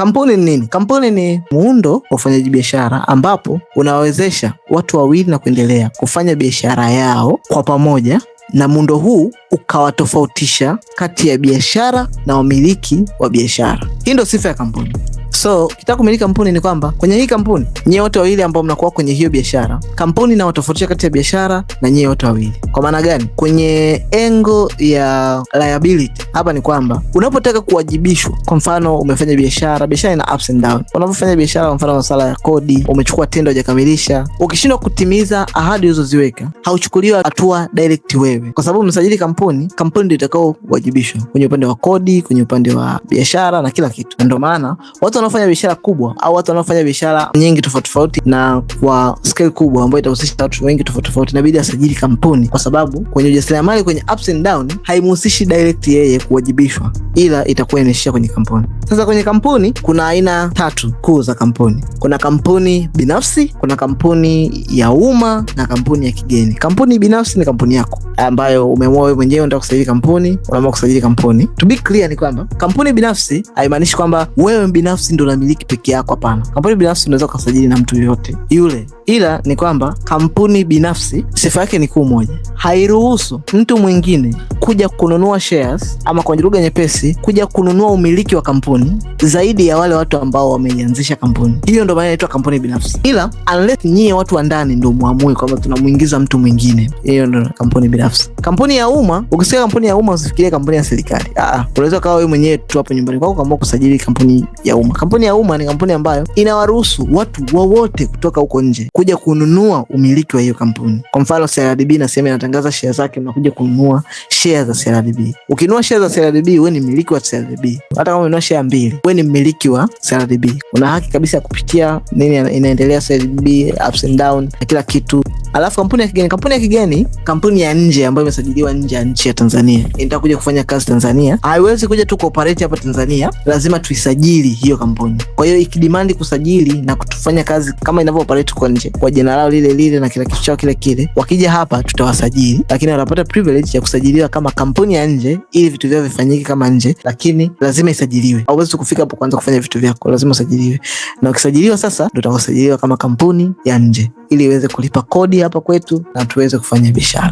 Kampuni ni nini? Kampuni ni muundo wa ufanyaji biashara ambapo unawawezesha watu wawili na kuendelea kufanya biashara yao kwa pamoja na muundo huu ukawatofautisha kati ya biashara na wamiliki wa biashara. Hii ndio sifa ya kampuni. So kitaka kumiliki kampuni ni kwamba kwenye hii kampuni nyie wote wawili ambao mnakuwa kwenye hiyo biashara, kampuni inawatofautisha kati ya biashara na nyie wote wawili. Kwa maana gani? Kwenye engo ya liability hapa ni kwamba unapotaka kuwajibishwa, kwa mfano umefanya biashara, biashara ina ups and down. Unapofanya biashara, kwa mfano masala ya kodi, umechukua tendo hujakamilisha, ukishindwa kutimiza ahadi ulizoziweka, hauchukuliwa hatua direct wewe, kwa sababu umesajili kampuni. Kampuni ndio itakao wajibishwa kwenye upande wa kodi, kwenye upande wa biashara na kila kitu. Ndio maana watu wanaofanya biashara kubwa au watu wanaofanya biashara nyingi tofauti tofauti na kwa scale kubwa ambayo itahusisha watu wengi tofauti tofauti, inabidi asajili kampuni, kwa sababu kwenye ujasiriamali, kwenye ups and down, haimhusishi direct yeye kuwajibishwa, ila itakuwa inaishia kwenye kampuni. Sasa kwenye kampuni kuna aina tatu kuu za kampuni. Kuna kampuni binafsi, kuna kampuni ya umma na kampuni ya kigeni. Kampuni binafsi ni kampuni yako ambayo umeamua wewe mwenyewe unataka kusajili kampuni, unaamua kusajili kampuni. To be clear ni kwamba kampuni binafsi haimaanishi kwamba wewe binafsi ndo unamiliki peke yako. Hapana, kampuni binafsi unaweza ukasajili na mtu yoyote yule, ila ni kwamba kampuni binafsi sifa yake ni kuu moja, hairuhusu mtu mwingine kuja kununua shares, ama kwa lugha nyepesi, kuja kununua umiliki wa kampuni zaidi ya wale watu ambao wameianzisha kampuni hiyo. Ndo maana inaitwa kampuni binafsi, ila unless nyie watu wa ndani ndo muamue kwamba tunamuingiza mtu mwingine, hiyo ndo kampuni binafsi. Kampuni ya umma, ukisikia kampuni ya umma usifikirie kampuni ya serikali. Ah, ah unaweza kawa wewe mwenyewe tu hapo nyumbani kwako kaamua kusajili kampuni ya umma. Kampuni ya umma ni kampuni ambayo inawaruhusu watu wowote kutoka huko nje kuja kununua umiliki wa hiyo kampuni. Kwa mfano, CRDB na sema inatangaza share zake, unakuja kununua share za CRDB. Ukinunua share za CRDB, wewe ni mmiliki wa CRDB. Hata kama ununua share mbili, wewe ni mmiliki wa CRDB. Una haki kabisa ya kupitia nini inaendelea CRDB, ups and down na kila kitu. Alafu kampuni ya kigeni, kampuni ya kigeni, kampuni ya nje ambayo imesajiliwa nje ya nchi ya Tanzania, yaani nitakuja kufanya kazi Tanzania, haiwezi kuja tu kuoperate hapa Tanzania, lazima tuisajili hiyo kampuni. Kwa hiyo ikidimandi kusajili na kutufanya kazi kama inavyooperate kwa nje kwa jina lao lile lile na kila kitu chao kile kile, wakija hapa tutawasajili, lakini wanapata privilege ya kusajiliwa kama kampuni ya nje ili vitu vyao vifanyike kama nje, lakini lazima isajiliwe. Hauwezi kufika hapo kwanza kufanya vitu vyako, lazima usajiliwe, na ukisajiliwa sasa ndio utasajiliwa kama kampuni ya nje ili iweze kulipa kodi hapa kwetu na tuweze kufanya biashara.